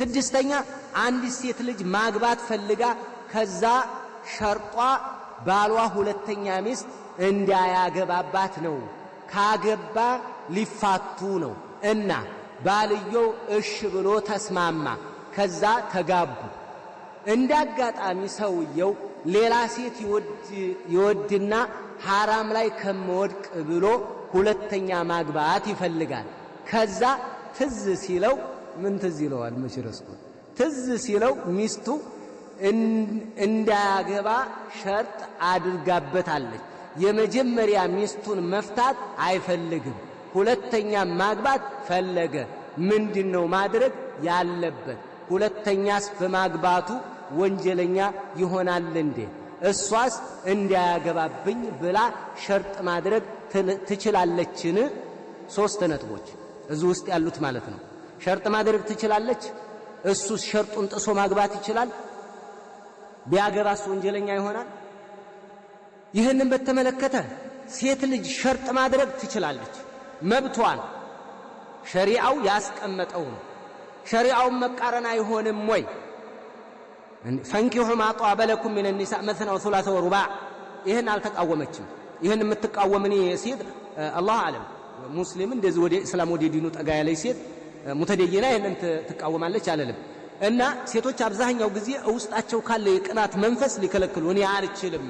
ስድስተኛ አንዲት ሴት ልጅ ማግባት ፈልጋ ከዛ ሸርጧ ባሏ ሁለተኛ ሚስት እንዳያገባባት ነው። ካገባ ሊፋቱ ነው እና ባልየው እሽ ብሎ ተስማማ። ከዛ ተጋቡ። እንዳጋጣሚ ሰውየው ሌላ ሴት ይወድና ሐራም ላይ ከመወድቅ ብሎ ሁለተኛ ማግባት ይፈልጋል። ከዛ ትዝ ሲለው ምን ትዝ ይለዋል? መቼ ረስቶ ትዝ ሲለው ሚስቱ እንዳያገባ ሸርጥ አድርጋበታለች። የመጀመሪያ ሚስቱን መፍታት አይፈልግም። ሁለተኛ ማግባት ፈለገ። ምንድን ነው ማድረግ ያለበት? ሁለተኛስ በማግባቱ ወንጀለኛ ይሆናል እንዴ? እሷስ እንዳያገባብኝ ብላ ሸርጥ ማድረግ ትችላለችን? ሶስት ነጥቦች እዚህ ውስጥ ያሉት ማለት ነው። ሸርጥ ማድረግ ትችላለች። እሱ ሸርጡን ጥሶ ማግባት ይችላል። ቢያገባስ ወንጀለኛ ይሆናል። ይህንን በተመለከተ ሴት ልጅ ሸርጥ ማድረግ ትችላለች። መብቷን ሸሪዓው ያስቀመጠው ነው። ሸሪዓውን መቃረን አይሆንም ወይ? ፈንኪሑ ማ ጧበ ለኩም ኒሳ መስነ ወሱላሰ ወሩባዕ። ይህን አልተቃወመችም። ይህን የምትቃወም ሴት አላህ አለም ሙስሊም እንደዚህ ወደ እስላም ወደ ዲኑ ጠጋ ያለች ሴት ሙተደይና ይህንን ትቃወማለች አለልም እና ሴቶች አብዛኛው ጊዜ ውስጣቸው ካለ የቅናት መንፈስ ሊከለክሉ እኔ አልችልም፣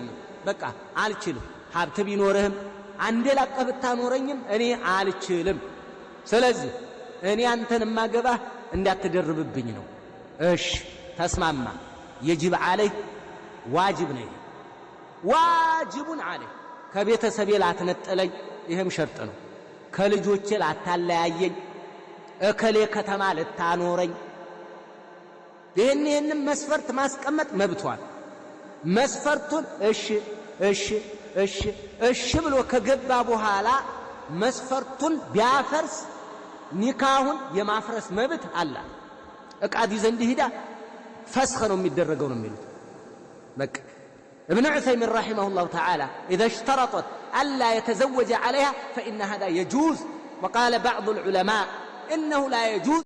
በቃ አልችልም፣ ሀብት ቢኖርህም አንዴ ላቀህ ብታኖረኝም እኔ አልችልም። ስለዚህ እኔ አንተን ማገባህ እንዳትደርብብኝ ነው። እሽ ተስማማ። የጅብ አለይ ዋጅብ ነው። ዋጅቡን አለይ ከቤተሰቤ ላትነጥለኝ፣ ይህም ሸርጥ ነው። ከልጆቼ ላታለያየኝ እከሌ ከተማ ልታኖረኝ ይህን ይህንም መስፈርት ማስቀመጥ መብቷል። መስፈርቱን እሺ እሺ እሺ እሺ ብሎ ከገባ በኋላ መስፈርቱን ቢያፈርስ ኒካሁን የማፍረስ መብት አላት። እቃዲ ዘንድ ሂዳ ፈስኸ ነው የሚደረገው ነው የሚሉት። በቃ ابن عثيمين رحمه الله تعالى إذا اشترطت ألا يتزوج عليها فإن هذا يجوز وقال بعض العلماء إنه لا يجوز